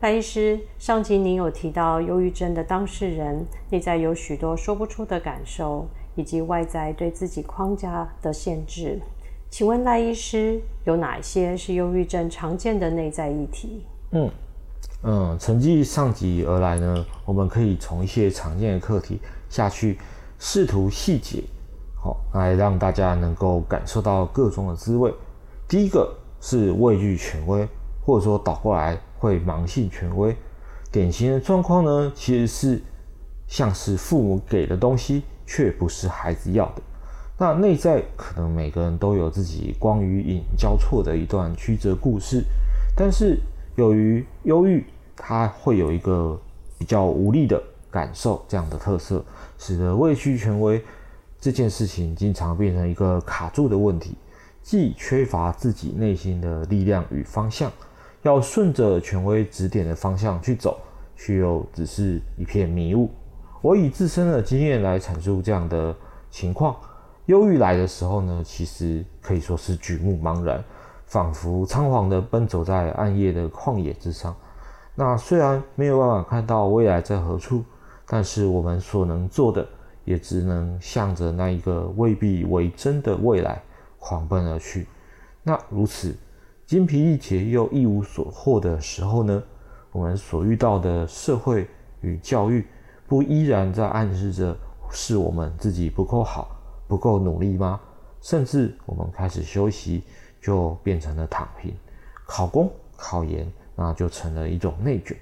賴醫師，上集您有提到憂鬱症的當事人內在有許多說不出的感受，以及外在對自己框架的限制。請問賴醫師有哪些是憂鬱症常見的內在議題？嗯嗯，承繼上集而來呢，我們可以從一些常見的課題下去試圖細節。好，來讓大家能夠感受到各種的滋味。第一個是畏懼權威，或者說倒過來。會盲信權威，典型的狀況呢，其實是像是父母給的東西，卻不是孩子要的。那內在可能每個人都有自己光與影交錯的一段曲折故事，但是由於憂鬱，他會有一個比較無力的感受，這樣的特色，使得畏懼權威這件事情經常變成一個卡住的問題，既缺乏自己內心的力量與方向，要順着權威指點的方向去走，卻又只是一片迷霧。我以自身的經驗來闡述這樣的情況。憂鬱來的時候呢，其實可以說是舉目茫然，仿佛倉皇地奔走在暗夜的曠野之上。那雖然沒有辦法看到未來在何處，但是我們所能做的，也只能向着那一個未必為真的未來狂奔而去。那如此。精疲力竭又一無所獲的時候呢，我們所遇到的社會與教育，不依然在暗示着是我們自己不夠好、不夠努力嗎？甚至我們開始休息就變成了躺平，考公、考研，那就成了一種內捲。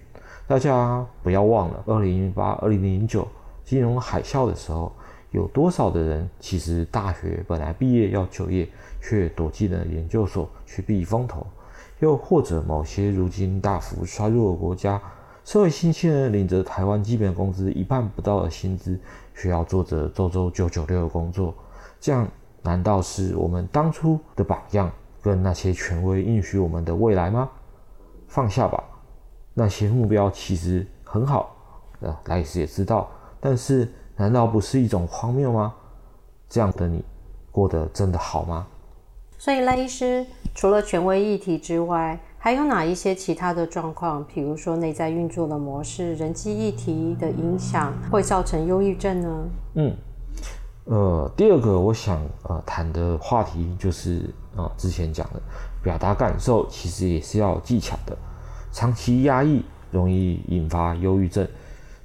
大家不要忘了，二零零八、二零零九金融海嘯的時候。有多少的人其實大學本來畢業要就業，卻躲進了研究所去避風頭？又或者某些如今大幅衰弱的國家，社會新鮮人領着台灣基本工資一半不到的薪資，需要做着周周九九六的工作？這樣難道是我們當初的榜樣跟那些權威應許我們的未來嗎？放下吧，那些目標其實很好，啊、呃，賴醫師也知道，但是。難道不是一種荒謬嗎？這樣的你，過得真的好嗎？所以賴醫師，除了權威議題之外，還有哪一些其他的狀況，比如說內在運作的模式、人際議題的影響，會造成憂鬱症呢？嗯，呃，第二個我想呃談的話題就是啊，呃，之前講的，表達感受其實也是要有技巧的，長期壓抑容易引發憂鬱症，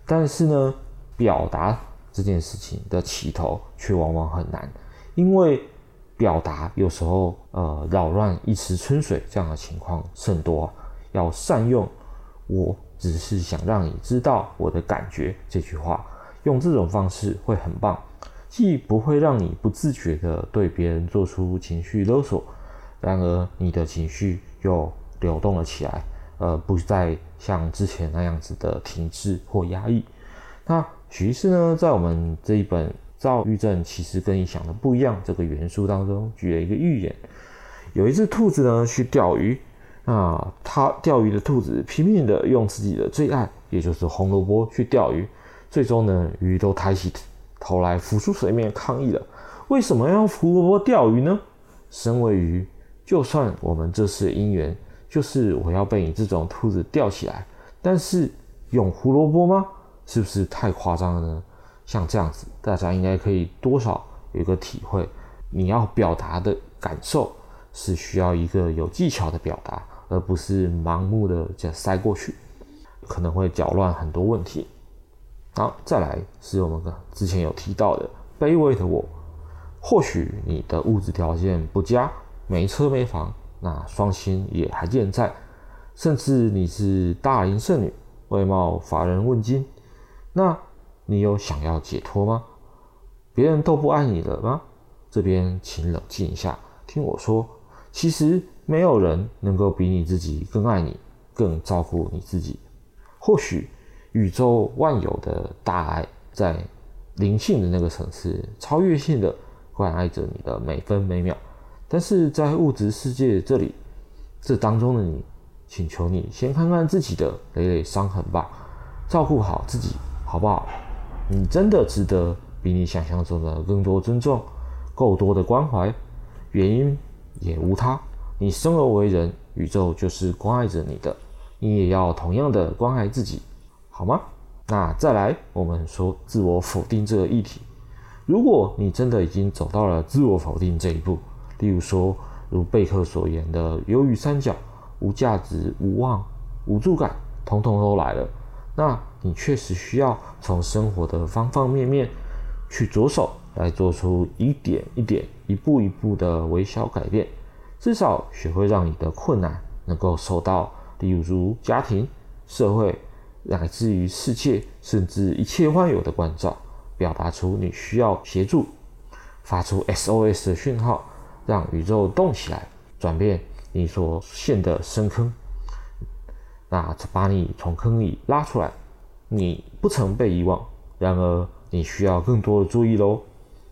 但是呢，表達。這件事情的起頭卻往往很難，因為表達有時候呃擾亂一池春水，這樣的情況甚多啊。要善用“我只是想讓你知道我的感覺”這句話，用這種方式會很棒，既不會讓你不自覺地對別人做出情緒勒索，然而你的情緒又流動了起來，而、呃、不再像之前那樣子的停滯或壓抑。那其實呢，在我們這一本《躁鬱症》其實跟你想的不一樣，這個原書當中舉了一個寓言，有一隻兔子呢去釣魚，啊，它釣魚的兔子拼命的用自己的最愛，也就是胡蘿蔔去釣魚，最終呢，魚都抬起頭來浮出水面抗議了。為什麼要用胡蘿蔔釣魚呢？身為魚，就算我們這是因緣就是我要被你這種兔子釣起來，但是用胡蘿蔔嗎？是不是太誇張了呢？像這樣子，大家應該可以多少有一個體會。你要表達的感受是需要一個有技巧的表達，而不是盲目的就塞過去，可能會攪亂很多問題。好，再來是我們之前有提到的卑微的我，或許你的物質條件不佳，沒車沒房，那雙親也還健在，甚至你是大齡剩女，外貌乏人問津。那，你有想要解脫嗎？別人都不愛你了嗎？這邊請冷靜一下，聽我說。其實沒有人能夠比你自己更愛你，更照顧你自己。或許宇宙萬有的大愛在靈性的那個層次，超越性的關愛着你的每分每秒。但是在物質世界這裡，這當中的你，請求你先看看自己的累累傷痕吧，照顧好自己。好不好？你真的值得比你想象中的更多尊重，更多的關懷。原因也無他，你生而為人，宇宙就是關愛着你的，你也要同樣的關愛自己，好嗎？那再來，我們說自我否定這個議題。如果你真的已經走到了自我否定這一步，例如說，如貝克所言的憂鬱三角，無價值、無望、無助感，統統都來了。那你確實需要從生活的方方面面去着手，來做出一點一點、一步一步的微小改變，至少學會讓你的困難能夠受到，例如，如家庭、社會，乃至於世界，甚至一切萬有的關照，表達出你需要協助，發出 SOS 的訊號，讓宇宙動起來，轉變你所陷的深坑。那，就把你從坑裡拉出來，你不曾被遺忘。然而，你需要更多的注意嘍。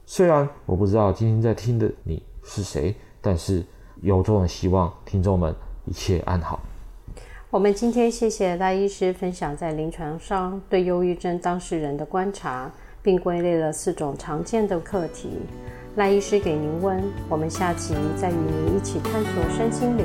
雖然我不知道今天在聽的你是誰，但是由衷的希望聽眾們一切安好。我們今天謝謝賴醫師分享在臨床上對憂鬱症當事人的觀察，並歸類了四種常見的課題。賴醫師給您問，我們下期再與您一起探索身心靈。